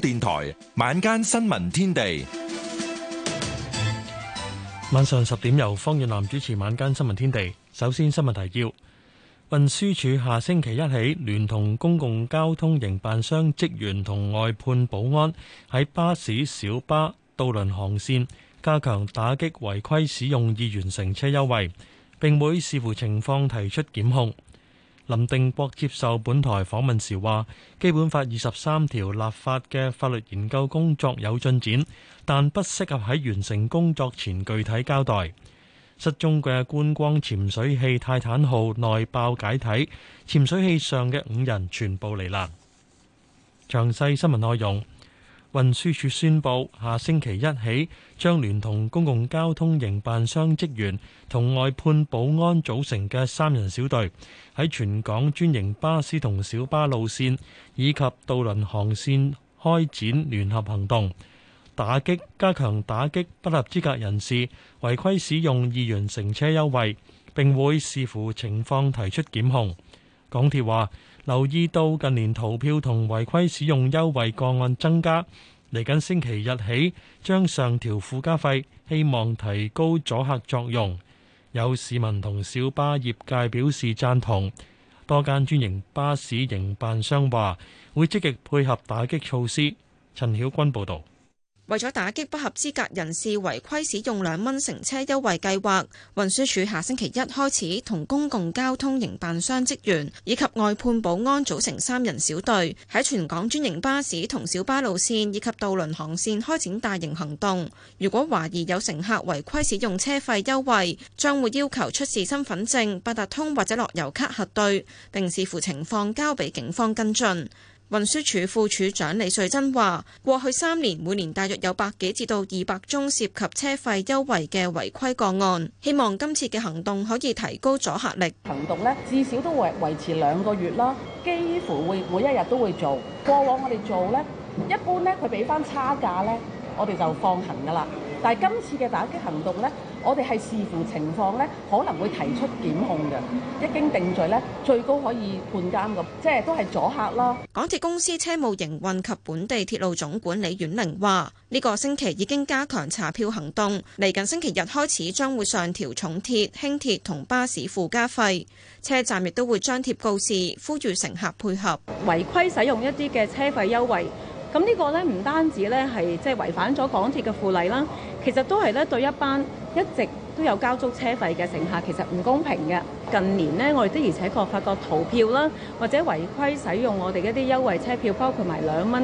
電台晚間新聞天地，晚上十點由方遠南主持。晚間新聞天地，首先新聞提要：運輸署下星期一起，聯同公共交通營辦商職員同外判保安喺巴士、小巴、渡輪航綫加強打擊違規使用二元乘車優惠，並會視乎情況提出檢控。林定國接受本台訪問時話，基本法二十三條立法嘅法律研究工作有進展，但不適合喺完成工作前具體交代。失蹤嘅觀光潛水器泰坦號內爆解體，潛水器上嘅五人全部罹難。詳細新聞內容。運輸署宣布，下星期一起將聯同公共交通營辦商職員同外判保安組成嘅三人小隊，喺全港專營巴士同小巴路線以及渡輪航線開展聯合行動，打擊加強打擊不合資格人士違規使用二元乘車優惠，並會視乎情況提出檢控。港鐵話留意到近年逃票同違規使用優惠個案增加，嚟緊星期日起將上調附加費，希望提高阻嚇作用。有市民同小巴業界表示贊同。多間專營巴士營辦商話會積極配合打擊措施。陳曉君報導。為咗打擊不合資格人士違規使用兩蚊乘車優惠計劃，運輸署下星期一開始同公共交通營辦商職員以及外判保安組成三人小隊，喺全港專營巴士同小巴路線以及渡輪航線開展大型行動。如果懷疑有乘客違規使用車費優惠，將會要求出示身份證、八達通或者樂悠卡核對，並視乎情況交俾警方跟進。運輸署副署長李瑞珍話，過去三年，每年大約有百幾至到二百宗涉及車費優惠嘅違規個案，希望今次嘅行動可以提高阻嚇力。行動呢，至少都會維持兩個月啦，幾乎會每一日都會做。過往我哋做呢，一般呢，佢俾翻差價呢，我哋就放行噶啦。但係今次嘅打擊行動呢，我哋係視乎情況咧，可能會提出檢控嘅。一經定罪呢，最高可以判監嘅，即係都係阻嚇啦。港鐵公司車務營運及本地鐵路總管李婉玲話：呢、呢個星期已經加強查票行動，嚟緊星期日開始將會上調重鐵、輕鐵同巴士附加費，車站亦都會張貼告示，呼籲乘，乘客配合違規使用一啲嘅車費優惠。咁呢個呢，唔單止咧係即係違反咗港鐵嘅附例啦。其實都係咧對一班。一直都有交足車費嘅乘客其實唔公平嘅。近年咧，我哋的而且確發覺逃票啦，或者違規使用我哋一啲優惠車票，包括埋兩蚊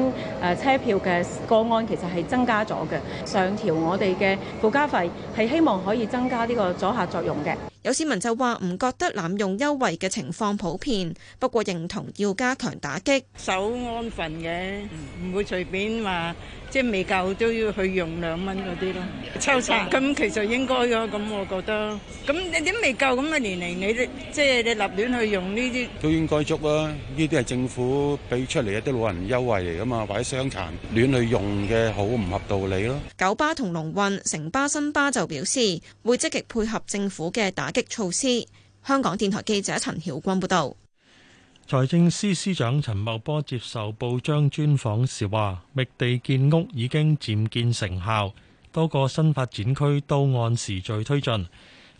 誒車票嘅個案，其實係增加咗嘅。上調我哋嘅附加費，係希望可以增加呢個阻嚇作用嘅。有市民就話唔覺得濫用優惠嘅情況普遍，不過認同要加強打擊。守安分嘅，唔、嗯、會隨便話，即係未夠都要去用兩蚊嗰啲咯。抽查咁其實應。嗯應該㗎，咁我覺得，咁你點，未夠咁嘅年齡，你即係你立亂去用呢啲，都應該捉啦。呢啲係政府俾出嚟一啲老人優惠嚟噶嘛，或者傷殘亂去用嘅，好唔合道理咯。九巴同龍運、城巴、新巴就表示會積極配合政府嘅打擊措施。香港電台記者陳曉君報道。財政司司長陳茂波接受報章專訪時話，覓地建屋已經漸見成效。多個新發展區都按時序推進，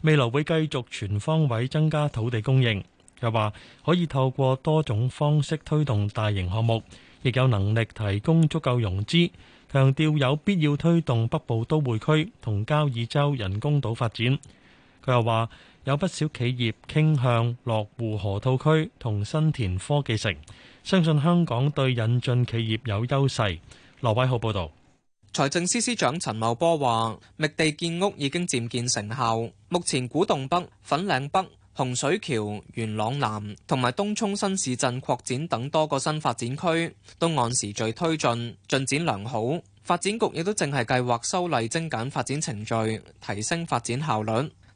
未來會繼續全方位增加土地供應。又話可以透過多種方式推動大型項目，亦有能力提供足夠融資。強調有必要推動北部都會區同交椅洲人工島發展。佢又話有不少企業傾向落戶河套區同新田科技城，相信香港對引進企業有優勢。羅偉浩報導。財政司司長陳茂波話，覓地建屋已經漸見成效，目前古洞北、粉嶺北、洪水橋、元朗南同埋東涌新市鎮擴展等多個新發展區都按時序推進，進展良好。發展局亦都正係計劃修例精簡發展程序，提升發展效率。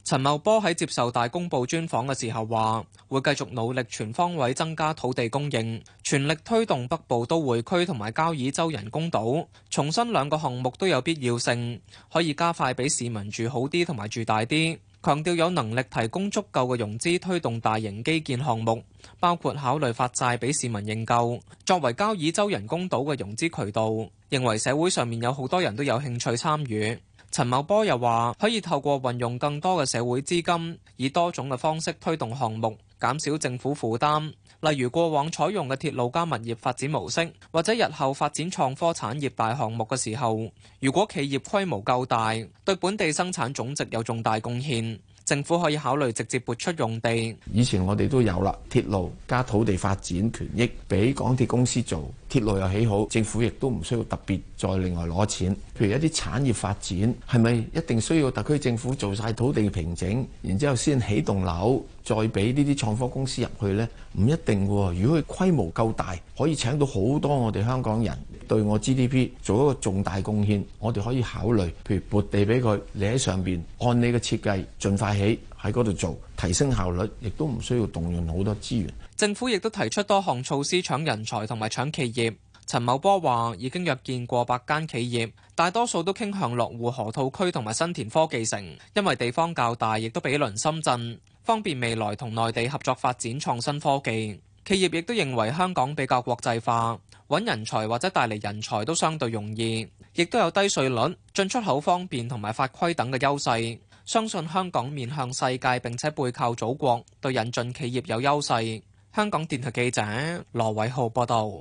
陳茂波喺接受大公報專訪嘅時候話，會繼續努力全方位增加土地供應，全力推動北部都會區同埋交椅洲人工島，重申兩個項目都有必要性，可以加快俾市民住好啲同埋住大啲。強調有能力提供足夠嘅融資推動大型基建項目，包括考慮發債俾市民認購，作為交椅洲人工島嘅融資渠道。認為社會上面有好多人都有興趣參與。陳茂波又話：可以透過運用更多嘅社會資金，以多種嘅方式推動項目，減少政府負擔。例如過往採用嘅鐵路加物業發展模式，或者日後發展創科產業大項目嘅時候，如果企業規模夠大，對本地生產總值有重大貢獻，政府可以考慮直接撥出用地。以前我哋都有啦，鐵路加土地發展權益畀港鐵公司做。鐵路又起好，政府亦都唔需要特別再另外攞錢。譬如一啲產業發展，係咪一定需要特區政府做晒土地平整，然之後先起棟樓，再俾呢啲創科公司入去呢？唔一定喎。如果佢規模夠大，可以請到好多我哋香港人，對我 GDP 做一個重大貢獻，我哋可以考慮，譬如撥地俾佢，你喺上邊按你嘅設計，盡快起喺嗰度做，提升效率，亦都唔需要動用好多資源。政府亦都提出多項措施搶人才同埋搶企業，陳茂波話已經約見過百間企業，大多數都傾向落戶河套區同埋新田科技城，因為地方較大，亦都比鄰深圳，方便未來同內地合作發展創新科技。企業亦都認為香港比較國際化，揾人才或者帶嚟人才都相對容易，亦都有低稅率、進出口方便同埋法規等嘅優勢，相信香港面向世界並且背靠祖國對引進企業有優勢。香港電台記者羅偉浩報道，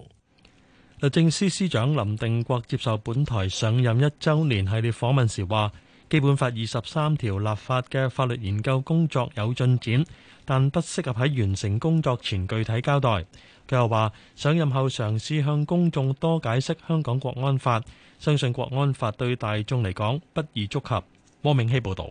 律政司司長林定國接受本台上任一周年系列訪問時話，基本法二十三條立法嘅法律研究工作有進展，但不適合喺完成工作前具體交代。佢又話，上任後嘗試向公眾多解釋香港國安法，相信國安法對大眾嚟講不宜觸及，汪明希報道。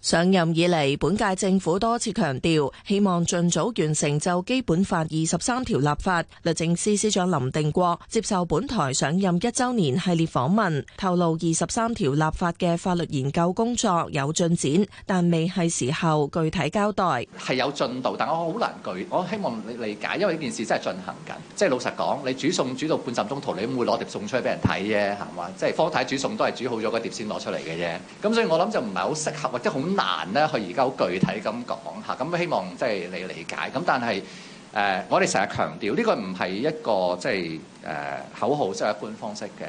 上任以嚟，本屆政府多次強調希望盡早完成就基本法二十三條立法。律政司司長林定國接受本台上任一週年系列訪問，透露二十三條立法嘅法律研究工作有進展，但未係時候具體交代。係有進度，但我好難具，我希望你理解，因為呢件事真係進行緊。即係老實講，你煮餸煮到半陣中途，你唔會攞碟餸出嚟俾人睇啫，係嘛？即係方太煮餸都係煮好咗個碟先攞出嚟嘅啫。咁所以我諗就唔係好適合或者好難咧，佢而家好具體咁講吓，咁希望即係、就是、你理解。咁但係誒、呃，我哋成日強調呢、這個唔係一個即係誒、呃、口號，即係一般方式嘅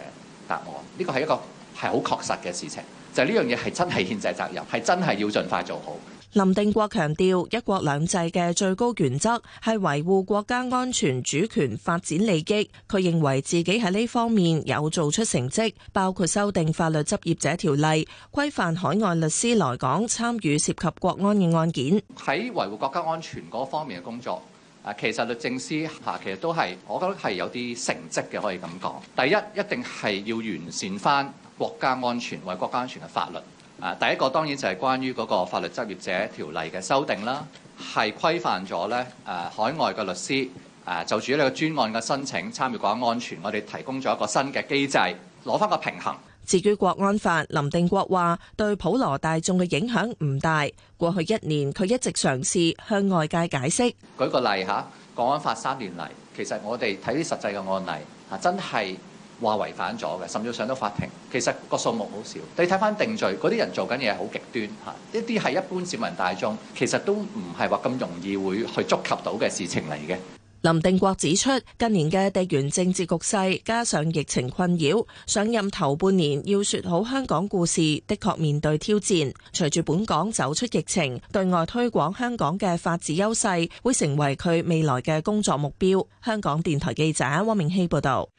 答案。呢、這個係一個係好確實嘅事情，就係呢樣嘢係真係憲制責任，係真係要盡快做好。林定國強調一國兩制嘅最高原則係維護國家安全主權、發展利益。佢認為自己喺呢方面有做出成績，包括修訂法律執業者條例，規範海外律師來港參與涉及國安嘅案件。喺維護國家安全嗰方面嘅工作，啊，其實律政司吓，其實都係我覺得係有啲成績嘅，可以咁講。第一，一定係要完善翻國家安全為國家安全嘅法律。啊，第一個當然就係關於嗰個法律執業者條例嘅修訂啦，係規範咗咧誒海外嘅律師誒、啊、就住呢個專案嘅申請參與國安安全，我哋提供咗一個新嘅機制，攞翻個平衡。至於國安法，林定國話對普羅大眾嘅影響唔大。過去一年，佢一直嘗試向外界解釋。舉個例嚇，國安法三年嚟，其實我哋睇啲實際嘅案例嚇，真係。話違反咗嘅，甚至上到法庭。其實個數目好少。你睇返定罪嗰啲人做緊嘢係好極端吓，一啲係一般市民大眾，其實都唔係話咁容易會去觸及到嘅事情嚟嘅。林定國指出，近年嘅地緣政治局勢加上疫情困擾，上任頭半年要說好香港故事，的確面對挑戰。隨住本港走出疫情，對外推廣香港嘅法治優勢，會成為佢未來嘅工作目標。香港電台記者汪明希報導。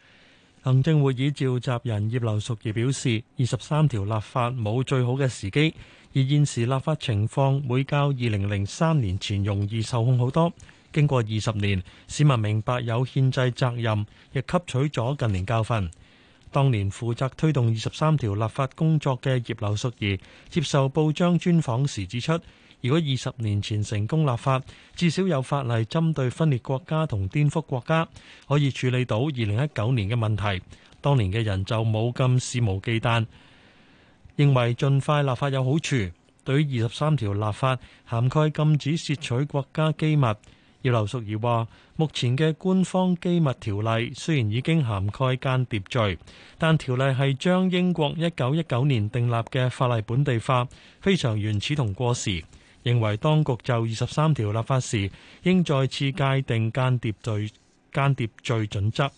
行政會議召集人葉劉淑儀表示：二十三條立法冇最好嘅時機，而現時立法情況會較二零零三年前容易受控好多。經過二十年，市民明白有憲制責任，亦吸取咗近年教訓。當年負責推動二十三條立法工作嘅葉劉淑儀接受報章專訪時指出，如果二十年前成功立法，至少有法例針對分裂國家同顛覆國家，可以處理到二零一九年嘅問題。當年嘅人就冇咁肆無忌憚，認為盡快立法有好處。對於二十三條立法涵蓋禁止竊取國家機密，葉劉淑儀話：目前嘅官方機密條例雖然已經涵蓋間諜罪，但條例係將英國一九一九年訂立嘅法例本地化，非常原始同過時。認為當局就二十三條立法時，應再次界定間諜罪、間諜罪準則。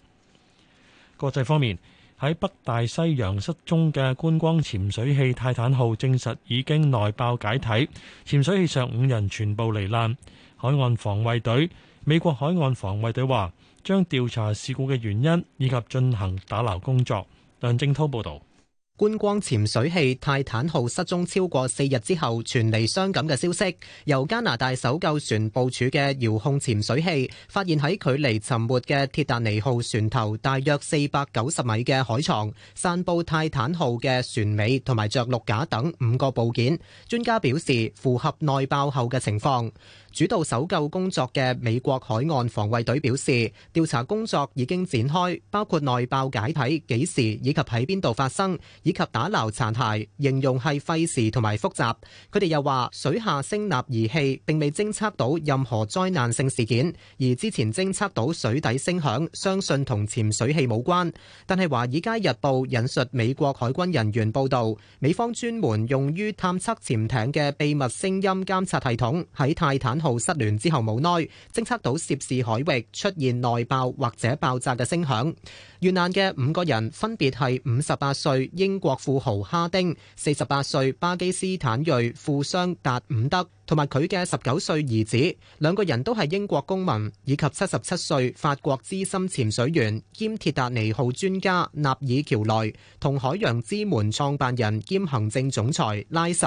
國際方面，喺北大西洋失蹤嘅觀光潛水器泰坦號，證實已經內爆解體，潛水器上五人全部罹難。海岸防衛隊，美國海岸防衛隊話，將調查事故嘅原因，以及進行打撈工作。梁正滔報導。觀光潛水器泰坦號失蹤超過四日之後，傳嚟傷感嘅消息。由加拿大搜救船部署嘅遙控潛水器，發現喺距離沉沒嘅鐵達尼號船頭大約四百九十米嘅海床，散布泰坦號嘅船尾同埋着陸架等五個部件。專家表示，符合內爆後嘅情況。主導搜救工作嘅美國海岸防衛隊表示，調查工作已經展開，包括內爆解體幾時以及喺邊度發生，以及打撈殘骸，形容係費時同埋複雜。佢哋又話，水下聲納儀器並未偵測到任何災難性事件，而之前偵測到水底聲響，相信同潛水器冇關。但係《華爾街日報》引述美國海軍人員報導，美方專門用於探測潛艇嘅秘密聲音監察系統喺泰坦號失聯之後，冇耐，偵測到涉事海域出現內爆或者爆炸嘅聲響。遇難嘅五個人分別係五十八歲英國富豪哈丁、四十八歲巴基斯坦裔富商達伍德。同埋佢嘅十九歲兒子，兩個人都係英國公民，以及七十七歲法國資深潛水員兼鐵達尼號專家納爾喬雷，同海洋之門創辦人兼行政總裁拉什。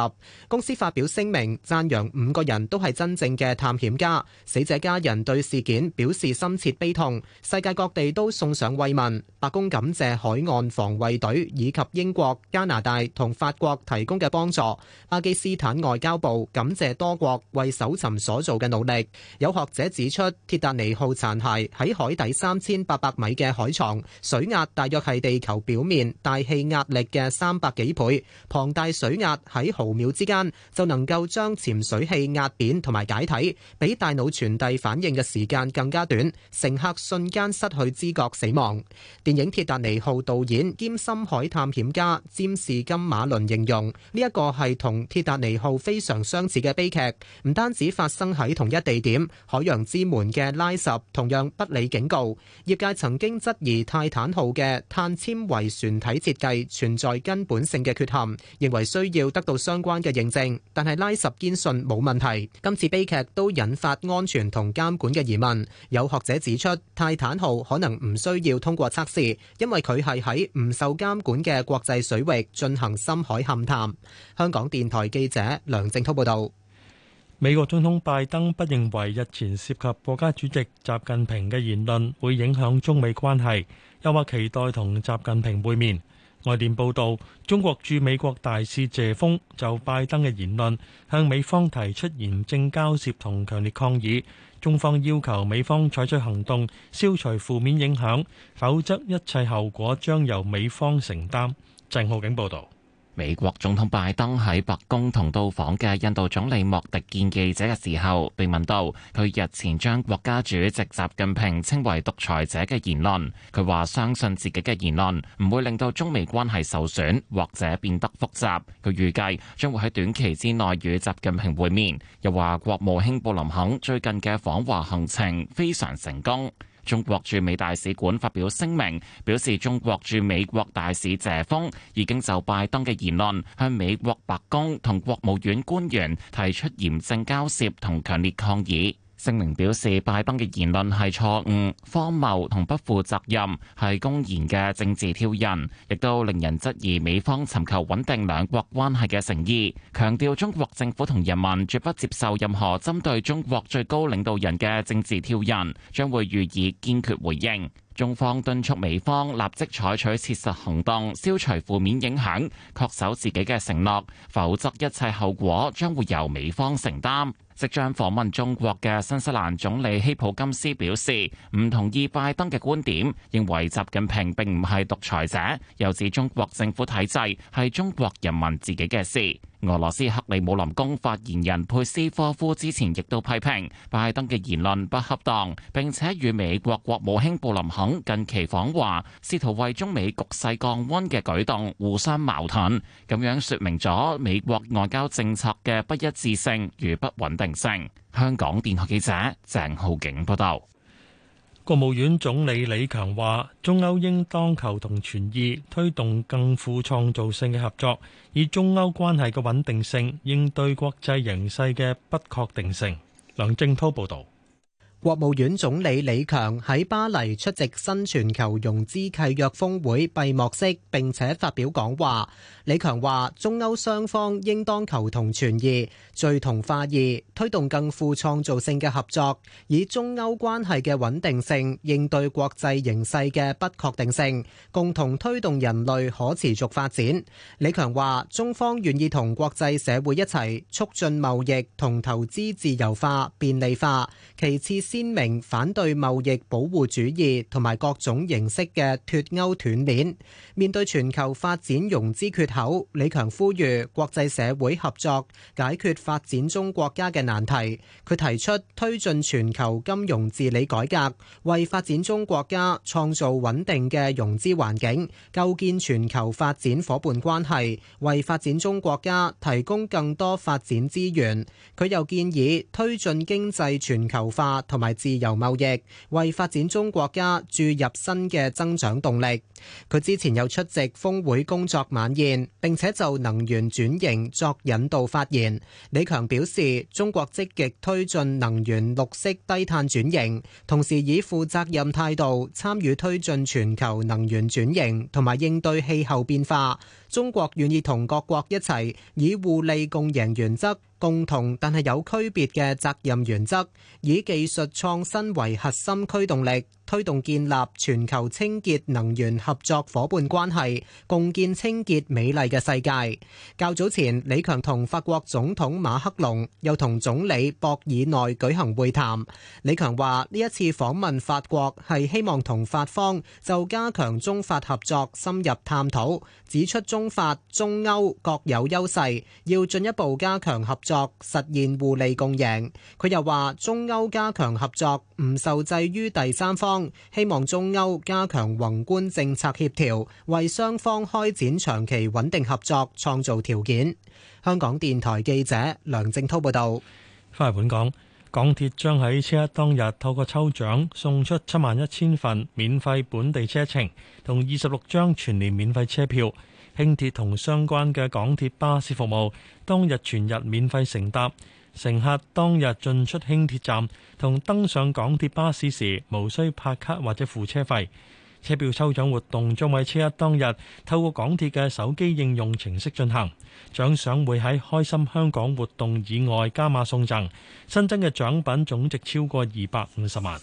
公司發表聲明，讚揚五個人都係真正嘅探險家。死者家人對事件表示深切悲痛，世界各地都送上慰問。白宮感謝海岸防衛隊以及英國、加拿大同法國提供嘅幫助。巴基斯坦外交部感謝多。多國為搜尋所做嘅努力，有學者指出，鐵達尼號殘骸喺海底三千八百米嘅海床，水壓大約係地球表面大氣壓力嘅三百幾倍。龐大水壓喺毫秒之間，就能夠將潛水器壓扁同埋解體，比大腦傳遞反應嘅時間更加短，乘客瞬間失去知覺死亡。電影《鐵達尼號》導演兼深海探險家詹士·金馬倫形容：呢一個係同鐵達尼號非常相似嘅悲劇。唔單止發生喺同一地點，海洋之門嘅拉什同樣不理警告。業界曾經質疑泰坦號嘅碳纖維船體設計存在根本性嘅缺陷，認為需要得到相關嘅認證。但係拉什堅信冇問題。今次悲劇都引發安全同監管嘅疑問。有學者指出，泰坦號可能唔需要通過測試，因為佢係喺唔受監管嘅國際水域進行深海勘探。香港電台記者梁靜濤報道。美國總統拜登不認為日前涉及國家主席習近平嘅言論會影響中美關係，又或期待同習近平會面。外電報導，中國駐美國大使謝鋒就拜登嘅言論向美方提出嚴正交涉同強烈抗議，中方要求美方採取行動消除負面影響，否則一切後果將由美方承擔。鄭浩景報導。美國總統拜登喺白宮同到訪嘅印度總理莫迪見記者嘅時候，被問到佢日前將國家主席習近平稱為獨裁者嘅言論，佢話相信自己嘅言論唔會令到中美關係受損或者變得複雜，佢預計將會喺短期之內與習近平會面，又話國務卿布林肯最近嘅訪華行程非常成功。中國駐美大使館發表聲明，表示中國駐美國大使謝鋒已經就拜登嘅言論向美國白宮同國務院官員提出嚴正交涉同強烈抗議。聲明表示，拜登的言論是錯誤、荒謬和不負責任，是公然的政治挑釁，亦都令人質疑美方尋求穩定兩國關係的誠意，強調中國政府和人民絕不接受任何針對中國最高領導人的政治挑釁，將會予以堅決回應。中方敦促美方立即採取切實行動，消除負面影響，恪守自己的承諾，否則一切後果將會由美方承擔。即將訪問中國嘅新西蘭總理希普金斯表示唔同意拜登嘅觀點，認為習近平並唔係獨裁者，又指中國政府體制係中國人民自己嘅事。俄羅斯克里姆林宮發言人佩斯科夫之前亦都批評拜登嘅言論不恰當，並且與美國國務卿布林肯近期訪華試圖為中美局勢降溫嘅舉動互相矛盾，咁樣說明咗美國外交政策嘅不一致性與不穩定。成香港電台記者鄭浩景報道，國務院總理李強話：中歐應當求同存異，推動更富創造性嘅合作，以中歐關係嘅穩定性應對國際形勢嘅不確定性。梁正濤報道。國務院總理李強喺巴黎出席新全球融資契約峰會閉幕式，並且發表講話。李強話：中歐雙方應當求同存異、聚同化異，推動更富創造性嘅合作，以中歐關係嘅穩定性應對國際形勢嘅不確定性，共同推動人類可持續發展。李強話：中方願意同國際社會一齊促進貿易同投資自由化、便利化。其次，鮮明反對貿易保護主義同埋各種形式嘅脫鈎斷鏈。面對全球發展融資缺口，李強呼籲國際社會合作解決發展中國家嘅難題。佢提出推進全球金融治理改革，為發展中國家創造穩定嘅融資環境，構建全球發展伙伴關係，為發展中國家提供更多發展資源。佢又建議推進經濟全球化同。同埋自由貿易，為發展中國家注入新嘅增長動力。佢之前又出席峰會工作晚宴，並且就能源轉型作引導發言。李強表示，中國積極推進能源綠色低碳轉型，同時以負責任態度參與推進全球能源轉型同埋應對氣候變化。中國願意同各國一齊以互利共贏原則。共同但係有區別嘅責任原則，以技術創新為核心驅動力。推動建立全球清潔能源合作夥伴關係，共建清潔美麗嘅世界。較早前，李強同法國總統馬克龍又同總理博爾內舉行會談。李強話：呢一次訪問法國係希望同法方就加強中法合作深入探討，指出中法、中歐各有優勢，要進一步加強合作，實現互利共贏。佢又話：中歐加強合作唔受制於第三方。希望中歐加強宏觀政策協調，為雙方開展長期穩定合作創造條件。香港電台記者梁正濤報道。返嚟本港，港鐵將喺車日當日透過抽獎送出七萬一千份免費本地車程，同二十六張全年免費車票。輕鐵同相關嘅港鐵巴士服務當日全日免費乘搭。乘客當日進出輕鐵站同登上港鐵巴士時，無需拍卡或者付車費。車票抽獎活動將喺車一當日透過港鐵嘅手機應用程式進行，獎賞會喺開心香港活動以外加碼送贈。新增嘅獎品總值超過二百五十萬。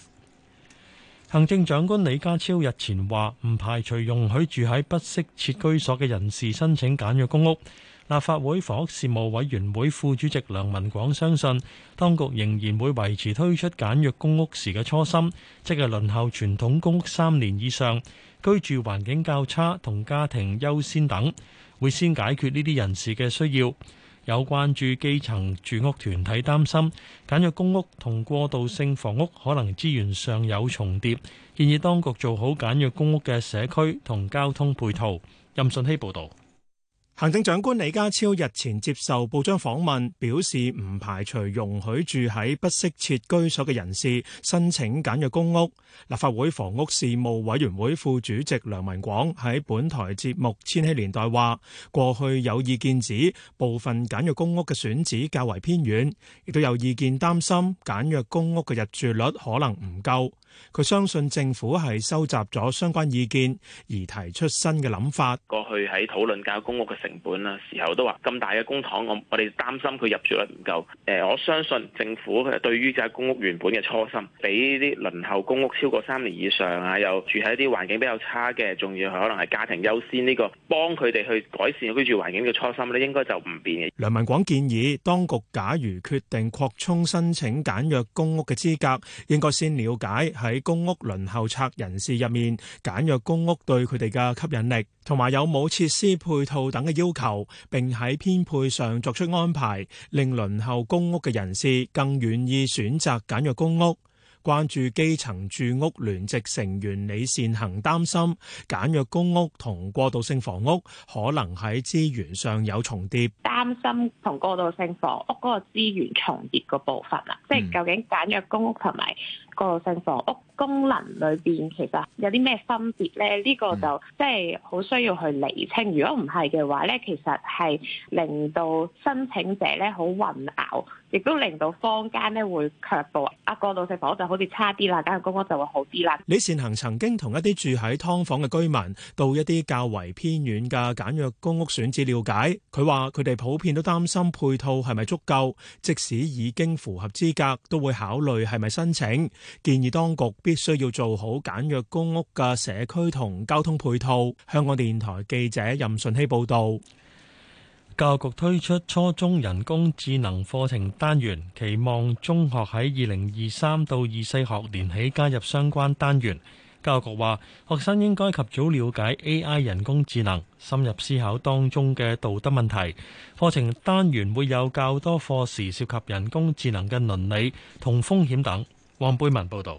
行政長官李家超日前話，唔排除容許住喺不適切居所嘅人士申請簡約公屋。立法會房屋事務委員會副主席梁文廣相信，當局仍然會維持推出簡約公屋時嘅初心，即係輪候傳統公屋三年以上、居住環境較差同家庭優先等，會先解決呢啲人士嘅需要。有關注基層住屋團體擔心簡約公屋同過渡性房屋可能資源上有重疊，建議當局做好簡約公屋嘅社區同交通配套。任信希報導。行政長官李家超日前接受報章訪問，表示唔排除容許住喺不適切居所嘅人士申請簡約公屋。立法會房屋事務委員會副主席梁文廣喺本台節目《千禧年代》話，過去有意見指部分簡約公屋嘅選址較為偏遠，亦都有意見擔心簡約公屋嘅入住率可能唔夠。佢相信政府係收集咗相關意見而提出新嘅諗法。過去喺討論簡約公屋嘅。成本啊時候都話咁大嘅公帑，我我哋擔心佢入住率唔夠誒，我相信政府對於就係公屋原本嘅初心，俾啲輪候公屋超過三年以上啊，又住喺一啲環境比較差嘅，仲要可能係家庭優先呢個幫佢哋去改善居住環境嘅初心，呢應該就唔變嘅。梁文廣建議當局假如決定擴充申請簡約公屋嘅資格，應該先了解喺公屋輪候冊人士入面，簡約公屋對佢哋嘅吸引力，同埋有冇設施配套等嘅。要求，並喺編配上作出安排，令輪候公屋嘅人士更願意選擇簡約公屋。關注基層住屋聯席成員李善行擔心簡約公屋同過渡性房屋可能喺資源上有重疊，擔心同過渡性房屋嗰個資源重疊個部分啊，嗯、即係究竟簡約公屋同埋過渡性房屋功能裏邊其實有啲咩分別咧？呢、呢個就即係好需要去釐清。如果唔係嘅話咧，其實係令到申請者咧好混淆。亦都令到坊間咧會卻步，啊過渡細房就好似差啲啦，簡約公屋就會好啲啦。李善行曾經同一啲住喺劏房嘅居民到一啲較為偏遠嘅簡約公屋選址了解，佢話佢哋普遍都擔心配套係咪足夠，即使已經符合資格，都會考慮係咪申請。建議當局必須要做好簡約公屋嘅社區同交通配套。香港電台記者任順希報道。教育局推出初中人工智能課程單元，期望中學喺二零二三到二四學年起加入相關單元。教育局話，學生應該及早了解 AI 人工智能，深入思考當中嘅道德問題。課程單元會有較多課時涉及人工智能嘅倫理同風險等。黃貝文報道。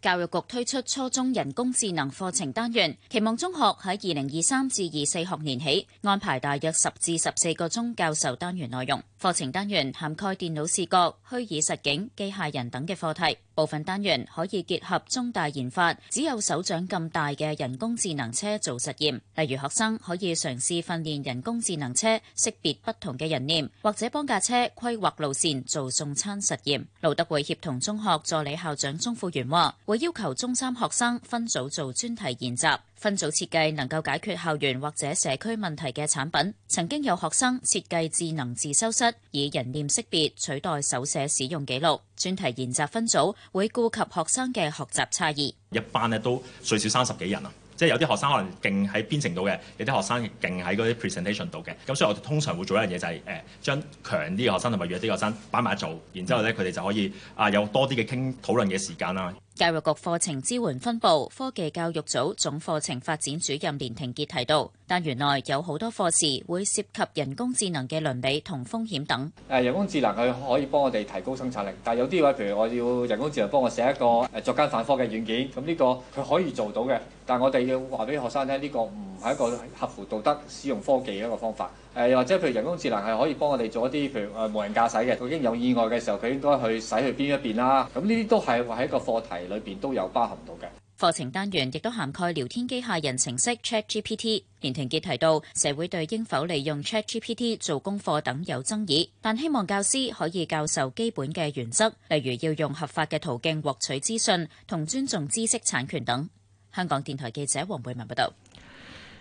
教育局推出初中人工智能課程單元，期望中學喺二零二三至二四學年起安排大約十至十四個鐘教授單元內容。課程單元，涵蓋電腦視覺、虛擬實境、機械人等嘅課題。部分單元可以結合中大研發，只有手掌咁大的人工智能車做實驗。例如，學生可以嘗試訓練人工智能車識別不同嘅人臉，或者幫架車規劃路線做送餐實驗。路德會協同中學助理校長鍾富源話，會要求中三學生分組做專題研習。分組設計能夠解決校園或者社區問題嘅產品，曾經有學生設計智能自修室，以人臉識別取代手寫使用記錄。專題研習分組會顧及學生嘅學習差異，一班咧都最少三十幾人啊，即係有啲學生可能勁喺編程度嘅，有啲學生勁喺嗰啲 presentation 度嘅，咁所以我哋通常會做一樣嘢就係誒將強啲嘅學生同埋弱啲嘅學生擺埋一組，然之後咧佢哋就可以啊有多啲嘅傾討論嘅時間啦。教育局課程支援分部科技教育組總課程發展主任連廷杰提到，但原來有好多課時會涉及人工智能嘅倫理同風險等。誒，人工智能佢可以幫我哋提高生產力，但有啲位，譬如我要人工智能幫我寫一個誒作奸犯科嘅軟件，咁呢個佢可以做到嘅，但係我哋要話俾學生聽，呢個唔係一個合乎道德使用科技嘅一個方法。誒，又或者譬如人工智能係可以幫我哋做一啲譬如誒無人駕駛嘅，佢應有意外嘅時候該去去，佢應該去使去邊一邊啦。咁呢啲都係一個課題。裏邊都有包含到嘅課程單元，亦都涵蓋聊天機械人程式 ChatGPT。連廷傑提到，社會對應否利用 ChatGPT 做功課等有爭議，但希望教師可以教授基本嘅原則，例如要用合法嘅途徑獲取資訊，同尊重知識產權等。香港電台記者黃貝文報道。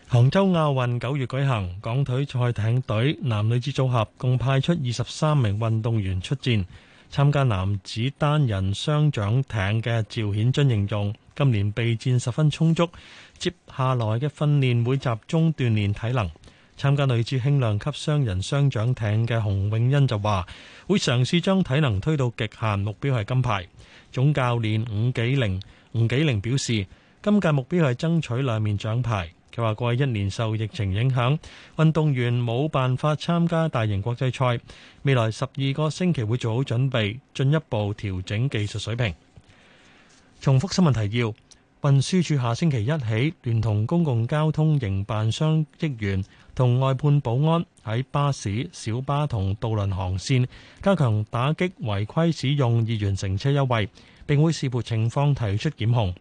杭州亞運九月舉行，港隊賽艇隊男女子組合共派出二十三名運動員出戰。參加男子單人雙槳艇嘅趙顯津形容今年備戰佢話：過去一年受疫情影響，運動員冇辦法參加大型國際賽。未來十二個星期會做好準備，進一步調整技術水平。重複新聞提要：運輸署下星期一起，聯同公共交通營辦商、職員同外判保安喺巴士、小巴同渡輪航線加強打擊違規使用二元乘車優惠，並會視乎情況提出檢控。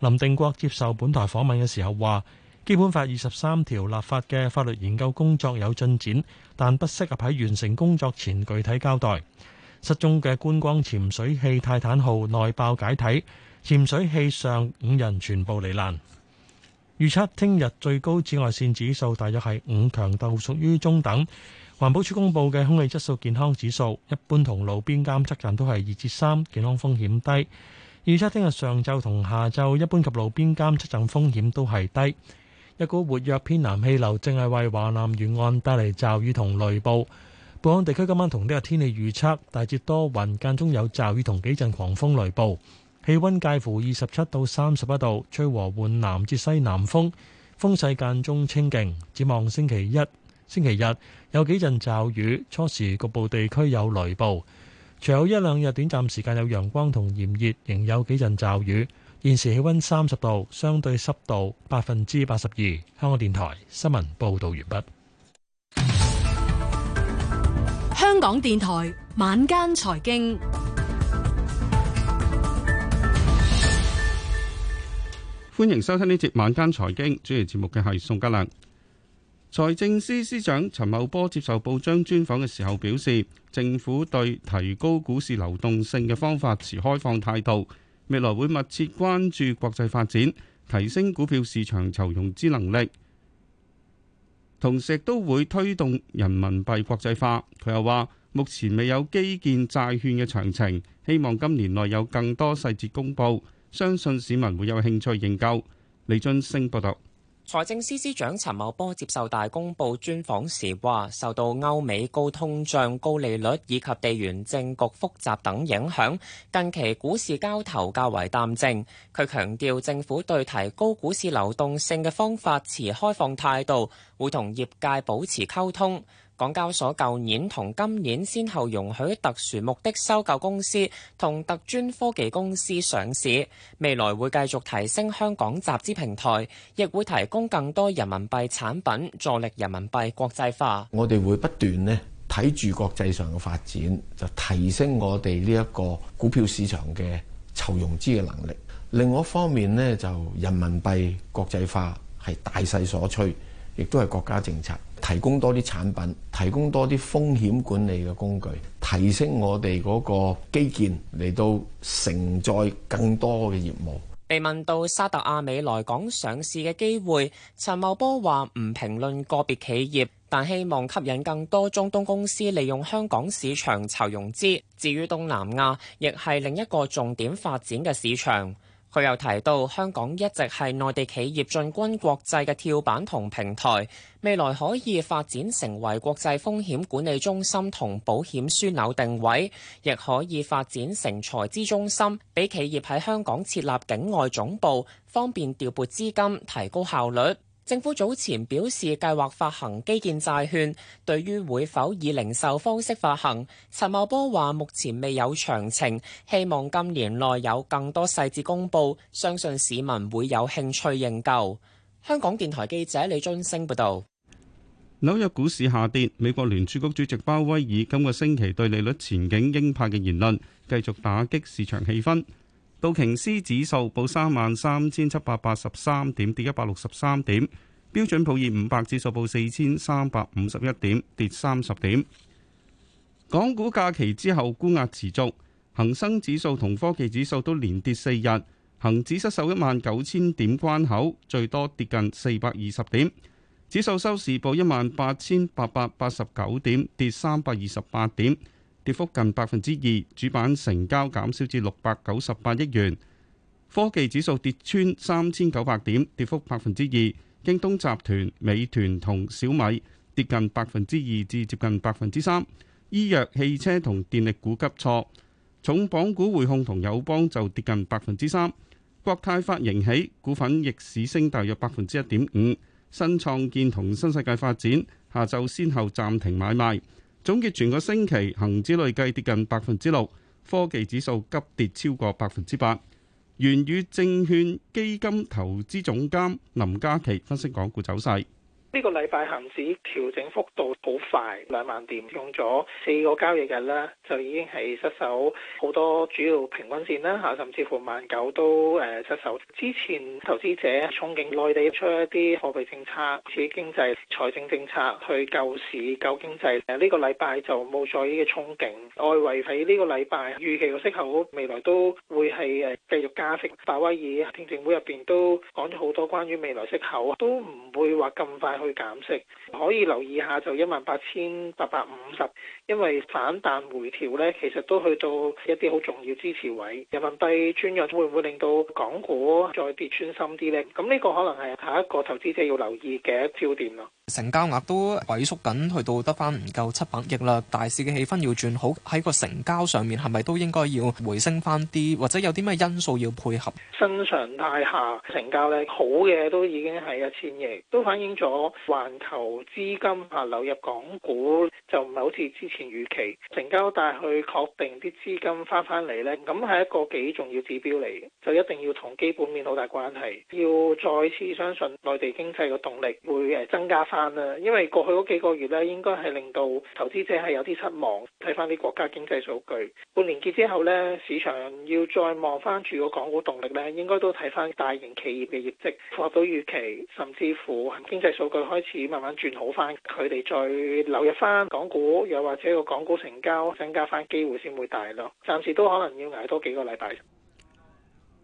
林定國接受本台訪問嘅時候話：基本法二十三條立法嘅法律研究工作有進展，但不適合喺完成工作前具體交代。失蹤嘅觀光潛水器泰坦號內爆解體，潛水器上五人全部罹難。預測聽日最高紫外線指數大約係五，強度屬於中等。環保署公布嘅空氣質素健康指數，一般同路邊監測站都係二至三，健康風險低。預測聽日上晝同下晝一般及路邊監測站風險都係低。一股活躍偏南氣流，正係為華南沿岸帶嚟驟雨同雷暴。本港地區今晚同聽日天氣預測，大致多雲間中有驟雨同幾陣狂風雷暴，氣温介乎二十七到三十一度，吹和緩南至西南風，風勢間中清勁。展望星期一、星期日有幾陣驟雨，初時局部地區有雷暴，除有一兩日短暫時間有陽光同炎熱，仍有幾陣驟雨。現時氣溫三十度，相對濕度百分之八十二。香港電台新聞報道完畢。香港電台晚間財經，歡迎收聽呢節晚間財經。主持節目嘅係宋家亮。財政司司長陳茂波接受報章專訪嘅時候表示，政府對提高股市流動性嘅方法持開放態度。未來會密切關注國際發展，提升股票市場籌融資能力，同時亦都會推動人民幣國際化。佢又話，目前未有基建債券嘅詳情，希望今年內有更多細節公佈，相信市民會有興趣研究。李俊升報道。財政司司長陳茂波接受大公報專訪時話，受到歐美高通脹、高利率以及地緣政局複雜等影響，近期股市交投較為淡靜。佢強調，政府對提高股市流動性嘅方法持開放態度，會同業界保持溝通。港交所舊年同今年先後容許特殊目的收購公司同特專科技公司上市，未來會繼續提升香港集資平台，亦會提供更多人民幣產品，助力人民幣國際化。我哋會不斷呢睇住國際上嘅發展，就提升我哋呢一個股票市場嘅籌融資嘅能力。另外一方面呢，就人民幣國際化係大勢所趨。亦都係國家政策，提供多啲產品，提供多啲風險管理嘅工具，提升我哋嗰個基建嚟到承載更多嘅業務。被問到沙特阿美來港上市嘅機會，陳茂波話唔評論個別企業，但希望吸引更多中東公司利用香港市場籌融資。至於東南亞，亦係另一個重點發展嘅市場。佢又提到，香港一直係內地企業進軍國際嘅跳板同平台，未來可以發展成為國際風險管理中心同保險樞紐定位，亦可以發展成財資中心，俾企業喺香港設立境外總部，方便調撥資金，提高效率。政府早前表示計劃發行基建債券，對於會否以零售方式發行，陳茂波話目前未有詳情，希望今年內有更多細節公布，相信市民會有興趣認購。香港電台記者李津升報道。紐約股市下跌，美國聯儲局主席鮑威爾今個星期對利率前景鷹派嘅言論，繼續打擊市場氣氛。道瓊斯指數報三萬三千七百八十三點，跌一百六十三點；標準普爾五百指數報四千三百五十一點，跌三十點。港股假期之後，沽壓持續，恒生指數同科技指數都連跌四日，恒指失守一萬九千點關口，最多跌近四百二十點。指數收市報一萬八千八百八十九點，跌三百二十八點。跌幅近百分之二，主板成交減少至六百九十八億元。科技指數跌穿三千九百點，跌幅百分之二。京東集團、美團同小米跌近百分之二至接近百分之三。醫藥、汽車同電力股急挫，重磅股匯控同友邦就跌近百分之三。國泰發盈喜股份逆市升大約百分之一點五。新創建同新世界發展下晝先後暫停買賣。總結全個星期恒指累計跌近百分之六，科技指數急跌超過百分之八。元宇證券基金投資總監林嘉琪分析港股走勢。呢個禮拜恆指調整幅度好快，兩萬點用咗四個交易日咧，就已經係失守好多主要平均線啦嚇，甚至乎萬九都誒失守。之前投資者憧憬內地出一啲貨幣政策、刺激經濟、財政政策去救市、救經濟，呢、這個禮拜就冇再呢個憧憬。外圍喺呢個禮拜預期個息口未來都會係誒繼續加息。鮑威爾聽證會入邊都講咗好多關於未來息口都唔會話咁快。去減息，可以留意下就一萬八千八百五十，因為反彈回調咧，其實都去到一啲好重要支持位。人民幣轉弱會唔會令到港股再跌穿深啲呢？咁、嗯、呢、呢個可能係下一個投資者要留意嘅焦點咯。成交額都萎縮緊，去到得翻唔夠七百億啦。大市嘅氣氛要轉好，喺個成交上面係咪都應該要回升翻啲，或者有啲咩因素要配合？新常態下成交咧，好嘅都已經係一千億，都反映咗環球資金吓流入港股，就唔係好似之前預期成交大去確，確定啲資金翻翻嚟咧，咁係一個幾重要指標嚟，就一定要同基本面好大關係，要再次相信內地經濟嘅動力會誒增加翻。因為過去嗰幾個月咧，應該係令到投資者係有啲失望。睇翻啲國家經濟數據，半年結之後呢，市場要再望翻住個港股動力呢，應該都睇翻大型企業嘅業績符合到預期，甚至乎經濟數據開始慢慢轉好翻，佢哋再流入翻港股，又或者個港股成交增加翻，機會先會大咯。暫時都可能要挨多幾個禮拜。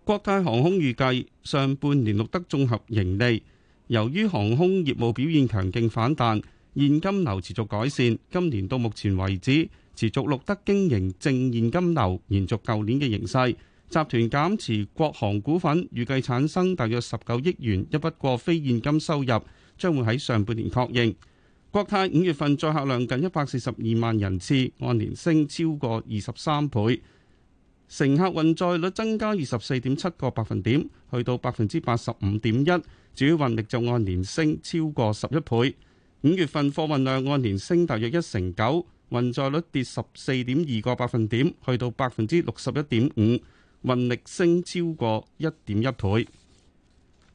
國泰航空預計上半年錄得綜合盈利。由於航空業務表現強勁反彈，現金流持續改善。今年到目前為止，持續錄得經營正現金流，延續舊年嘅形勢。集團減持國航股份，預計產生大約十九億元一筆過非現金收入，將會喺上半年確認。國泰五月份載客量近一百四十二萬人次，按年升超過二十三倍，乘客運載率增加二十四點七個百分點，去到百分之八十五點一。主要運力就按年升超過十一倍，五月份貨運量按年升大約一成九，運載率跌十四點二個百分點，去到百分之六十一點五，運力升超過一點一倍。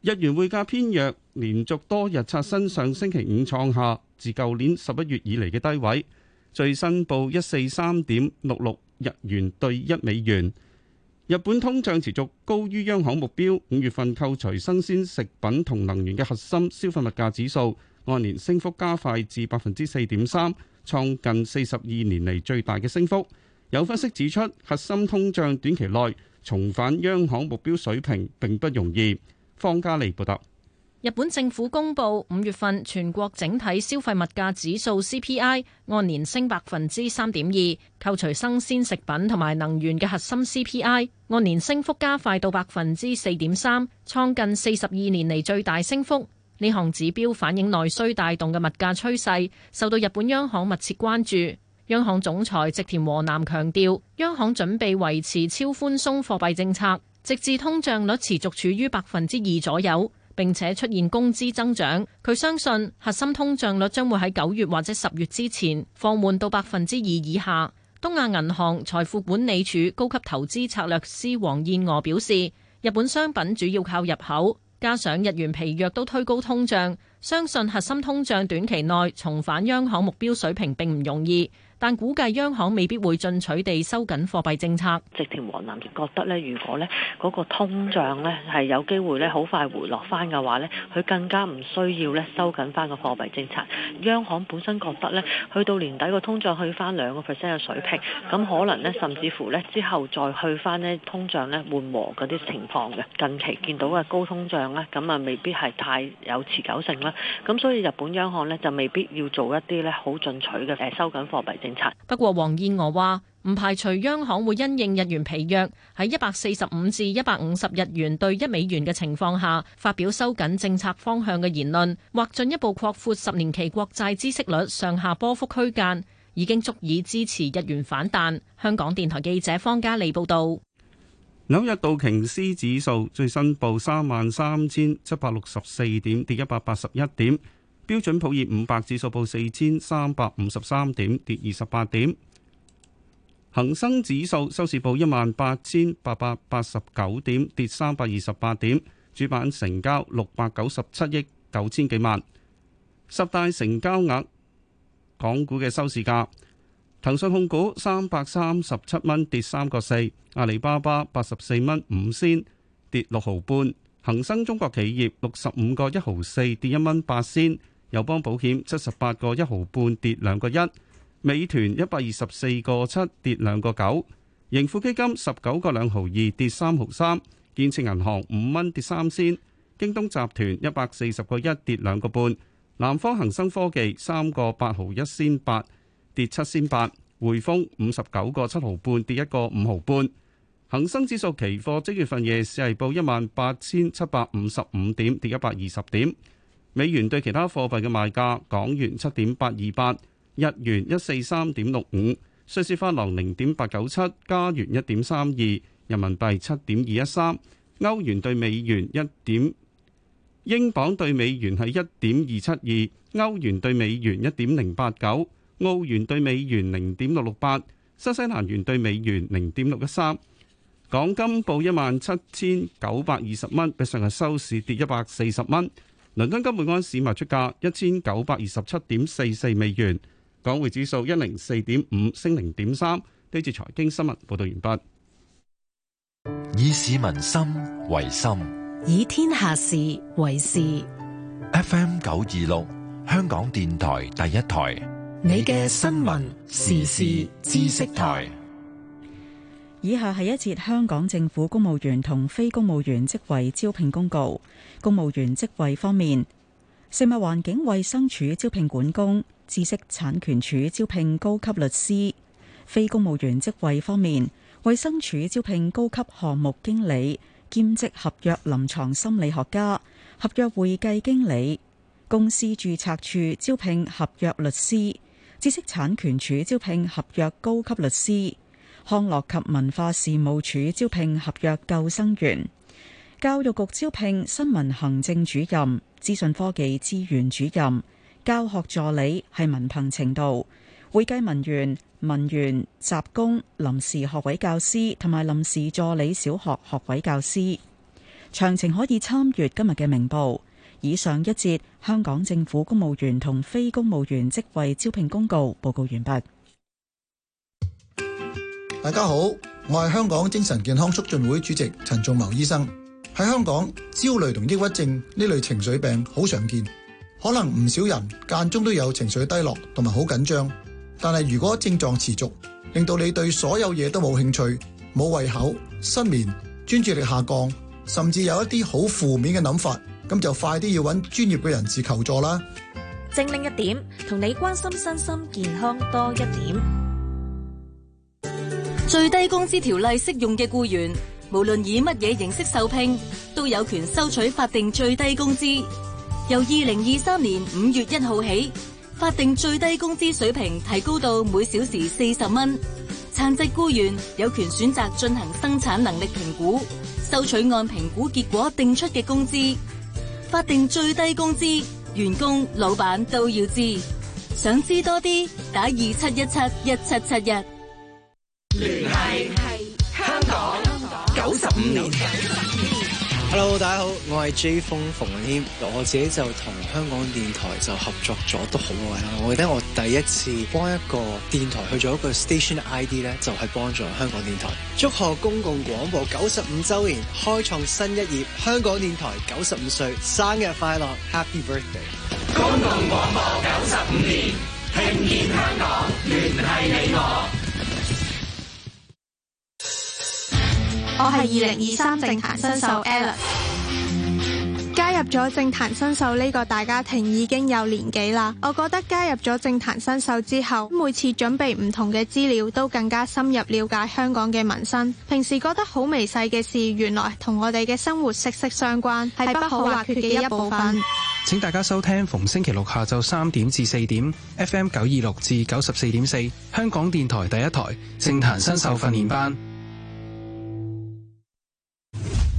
日元匯價偏弱，連續多日刷新上星期五創下自舊年十一月以嚟嘅低位，最新報一四三點六六日元對一美元。日本通脹持續高於央行目標，五月份扣除新鮮食品同能源嘅核心消費物價指數按年升幅加快至百分之四點三，創近四十二年嚟最大嘅升幅。有分析指出，核心通脹短期內重返央行目標水平並不容易。方嘉利報道。日本政府公布五月份全國整體消費物價指數 CPI 按年升百分之三點二，扣除生鮮食品同埋能源嘅核心 CPI 按年升幅加快到百分之四點三，創近四十二年嚟最大升幅。呢項指標反映內需帶動嘅物價趨勢，受到日本央行密切關注。央行總裁植田和男強調，央行準備維持超寬鬆貨幣政策，直至通脹率持續處於百分之二左右。並且出現工資增長，佢相信核心通脹率將會喺九月或者十月之前放緩到百分之二以下。東亞銀行財富管理處高級投資策略師黃燕娥表示，日本商品主要靠入口，加上日元疲弱都推高通脹，相信核心通脹短期內重返央行目標水平並唔容易。但估計央行未必會進取地收緊貨幣政策。植田和男亦覺得咧，如果咧嗰個通脹咧係有機會咧好快回落翻嘅話咧，佢更加唔需要咧收緊翻個貨幣政策。央行本身覺得咧，去到年底個通脹去翻兩個 percent 嘅水平，咁可能咧甚至乎咧之後再去翻呢通脹咧緩和嗰啲情況嘅。近期見到嘅高通脹咧，咁啊未必係太有持久性啦。咁所以日本央行咧就未必要做一啲咧好進取嘅誒收緊貨幣政策。不過，黃燕娥話唔排除央行會因應日元疲弱，喺一百四十五至一百五十日元兌一美元嘅情況下，發表收緊政策方向嘅言論，或進一步擴闊十年期國債孳息率上下波幅區間，已經足以支持日元反彈。香港電台記者方嘉利報道。紐約道瓊斯指數最新報三萬三千七百六十四點，跌一百八十一點。標準普爾五百指數報四千三百五十三點，跌二十八點。恒生指數收市報一萬八千八百八十九點，跌三百二十八點。主板成交六百九十七億九千幾萬。十大成交額港股嘅收市價：騰訊控股三百三十七蚊，跌三個四；阿里巴巴八十四蚊五仙，跌六毫半；恒生中國企業六十五個一毫四，跌一蚊八仙。.友邦保險七十八個一毫半，跌兩個一，美團一百二十四個七，跌兩個九，盈富基金十九個兩毫二，跌三毫三，建設銀行五蚊，跌三仙，京東集團一百四十個一，跌兩個半，南方恒生科技三個八毫一仙八，跌七仙八，匯豐五十九個七毫半，跌一個五毫半，恒生指數期貨即月份夜市係報一萬八千七百五十五點，跌一百二十點。美元對其他貨幣嘅賣價，港元七點八二八，日元一四三點六五，瑞士法郎零點八九七，加元一點三二，人民幣七點二一三，歐元兌美元一點，英鎊兌美元係一點二七二，歐元兌美元一點零八九，澳元兌美元零點六六八，新西蘭元兌美元零點六一三。港金報一萬七千九百二十蚊，比上日收市跌一百四十蚊。倫敦金本安市賣出價一千九百二十七點四四美元，港匯指數一零四點五升零點三。呢節財經新聞報道完畢。以市民心為心，以天下事為事。FM 九二六，香港電台第一台，你嘅新聞時事知識台。以下係一節香港政府公務員同非公務員職位招聘公告。公務員職位方面，食物環境衛生署招聘管工；知識產權署招聘高級律師。非公務員職位方面，衛生署招聘高級項目經理、兼職合約臨牀心理學家、合約會計經理、公司註冊處招聘合約律師、知識產權署招聘合約高級律師、康樂及文化事務署招聘合約救生員。教育局招聘新聞行政主任、資訊科技資源主任、教學助理係文憑程度，會計文員、文員、雜工、臨時學位教師同埋臨時助理小學學位教師。詳情可以參閱今日嘅明報。以上一節香港政府公務員同非公務員職位招聘公告。報告完畢。大家好，我係香港精神健康促進會主席陳仲謀醫生。喺香港，焦慮同抑鬱症呢類情緒病好常見，可能唔少人間中都有情緒低落同埋好緊張。但係如果症狀持續，令到你對所有嘢都冇興趣、冇胃口、失眠、專注力下降，甚至有一啲好負面嘅諗法，咁就快啲要揾專業嘅人士求助啦。正另一點，同你關心身心健康多一點。最低工資條例適用嘅雇員。無論以乜嘢形式受聘，都有權收取法定最低工資。由2023年5月1號起，法定最低工資水平提高到每小時40蚊。殘疾僱員有權選擇進行生產能力評估，收取按評估結果定出嘅工資。法定最低工資，員工、老闆都要知。想知多啲，打27171771。聯繫係香港。九十五年 ，Hello，大家好，我係 J 峰馮允謙，我自己就同香港電台就合作咗都好耐啦。我記得我第一次幫一個電台去做一個 Station ID 咧，就係幫助香港電台。祝賀公共廣播九十五周年開創新一頁。香港電台九十五歲生日快樂，Happy Birthday！公共廣播九十五年，聽見香港，聯繫你我。我係二零二三政壇新秀 Alice，加入咗政壇新秀呢個大家庭已經有年幾啦。我覺得加入咗政壇新秀之後，每次準備唔同嘅資料都更加深入了解香港嘅民生。平時覺得好微細嘅事，原來同我哋嘅生活息息相關，係不可或缺嘅一部分。請大家收聽逢星期六下晝三點至四點，FM 九二六至九十四點四，香港電台第一台，政壇新秀訓練班。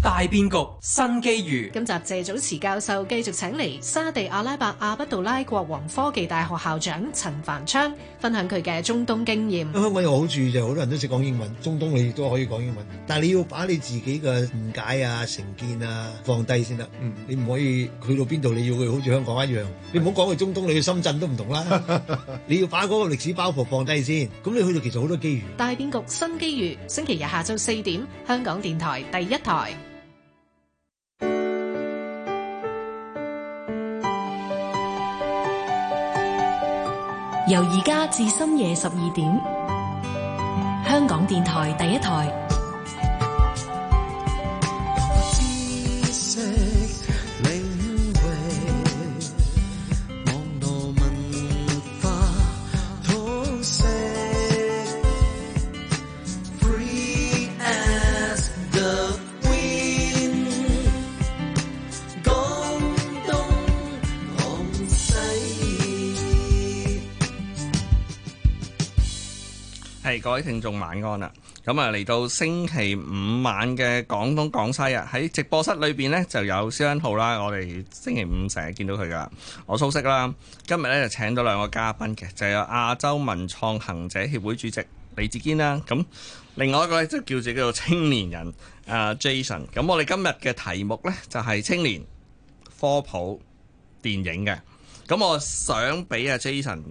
大變局，新機遇。今集謝祖慈教授繼續請嚟沙地阿拉伯阿卜杜拉國王科技大學校長陳凡昌，分享佢嘅中東經驗。香港有好處就好多人都識講英文，中東你亦都可以講英文。但係你要把你自己嘅誤解啊、成見啊放低先得。嗯，你唔可以去到邊度，你要去好似香港一樣。你唔好講去中東，你去深圳都唔同啦。 你要把嗰個歷史包袱放低先。咁你去到其實好多機遇。大變局，新機遇。星期日下晝四點，香港電台第一台。由而家至深夜十二點，香港電台第一台。各位聽眾晚安啦！咁啊，嚟到星期五晚嘅廣東廣西啊，喺直播室裏邊呢就有肖恩浩啦，我哋星期五成日見到佢噶。我蘇軾啦，今日呢，就請到兩個嘉賓嘅，就有、是、亞洲文創行者協會主席李志堅啦。咁、啊、另外一個咧就叫做叫做青年人啊 Jason 啊。咁我哋今日嘅題目呢，就係、是、青年科普電影嘅。咁、啊、我想俾啊 Jason。